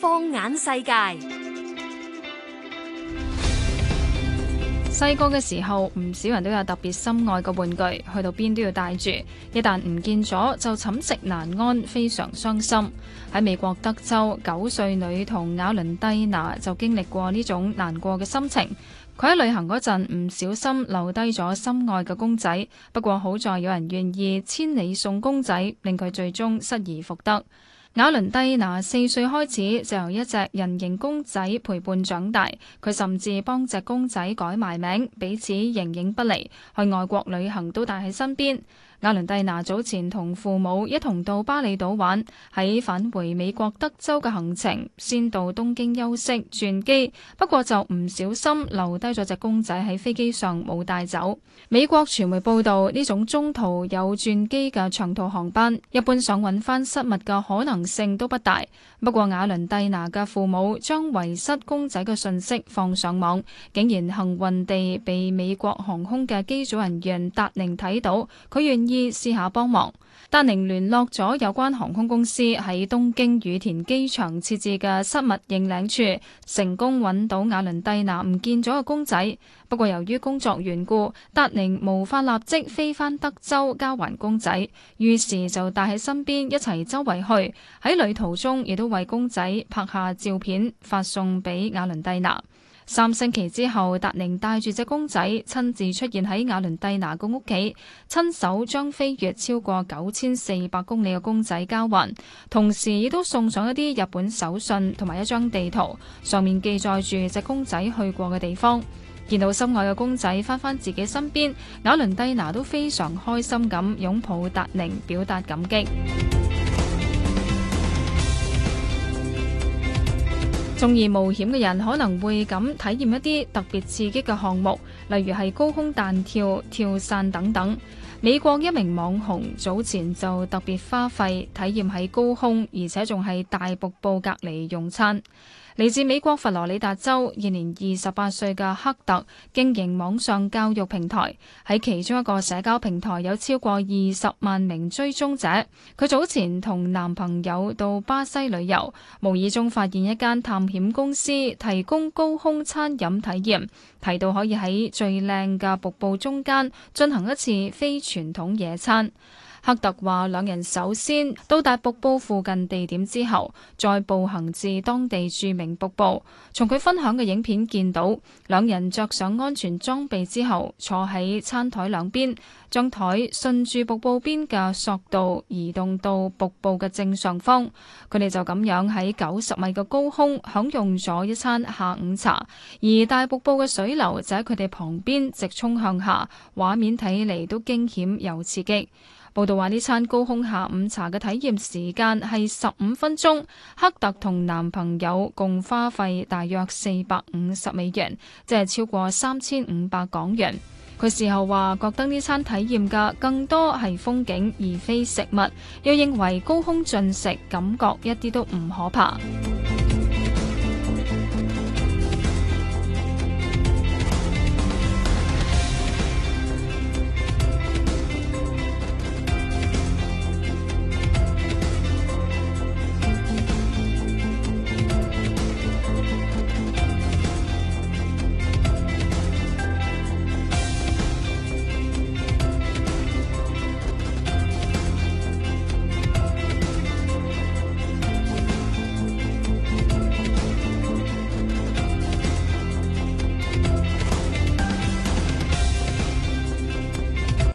放眼世界，細個嘅時候，唔少人都有特別心愛嘅玩具，去到邊都要帶住。一旦唔見咗，就寢食難安，非常傷心。喺美國德州，九歲女童雅倫蒂娜就經歷過呢種難過嘅心情。佢喺旅行嗰陣唔小心留低咗心愛嘅公仔，不過好在有人願意千里送公仔，令佢最終失而復得。雅倫蒂娜四歲開始就由一隻人形公仔陪伴長大，佢甚至幫隻公仔改埋名，彼此形影不離，去外國旅行都帶喺身邊。雅倫蒂娜早前同父母一同到巴厘島玩，喺返回美國德州嘅行程先到東京休息轉機，不過就唔小心留低咗隻公仔喺飛機上，冇帶走。美國傳媒報道呢種中途有轉機嘅長途航班，一般想搵翻失物嘅可能性都不大，不過亞倫蒂娜嘅父母將遺失公仔嘅信息放上網，竟然幸運地被美國航空嘅機組人員達寧睇到，佢願意試下幫忙。達寧聯絡咗有關航空公司喺東京羽田機場設置嘅失物認領處，成功揾到亞倫蒂娜唔見咗嘅公仔。不過由於工作緣故，達寧無法立即飛返德州交還公仔，於是就帶喺身邊一齊周圍去。喺旅途中，亦都為公仔拍下照片，發送俾亞倫蒂娜。三星期之後，達寧帶住隻公仔親自出現喺亞倫蒂娜嘅屋企，親手將飛越超過九千四百公里嘅公仔交還，同時亦都送上一啲日本手信同埋一張地圖，上面記載住隻公仔去過嘅地方。見到心愛嘅公仔翻返自己身邊，亞倫蒂娜都非常開心咁擁抱達寧，表達感激。中意冒險嘅人可能會咁體驗一啲特別刺激嘅項目，例如係高空彈跳、跳傘等等。美國一名網紅早前就特別花費體驗喺高空，而且仲係大瀑布隔離用餐。嚟自美國佛羅里達州，現年二十八歲嘅赫特經營網上教育平台，喺其中一個社交平台有超過二十萬名追蹤者。佢早前同男朋友到巴西旅遊，無意中發現一間探險公司提供高空餐飲體驗，提到可以喺最靚嘅瀑布中間進行一次非傳統野餐。赫特話：兩人首先到達瀑布附近地點之後，再步行至當地著名瀑布。從佢分享嘅影片見到，兩人着上安全裝備之後，坐喺餐枱兩邊，將枱順住瀑布邊嘅索道移動到瀑布嘅正上方。佢哋就咁樣喺九十米嘅高空享用咗一餐下午茶，而大瀑布嘅水流就喺佢哋旁邊直衝向下。畫面睇嚟都驚險又刺激。報道話，呢餐高空下午茶嘅體驗時間係十五分鐘，克特同男朋友共花費大約四百五十美元，即係超過三千五百港元。佢事後話覺得呢餐體驗嘅更多係風景而非食物，又認為高空進食感覺一啲都唔可怕。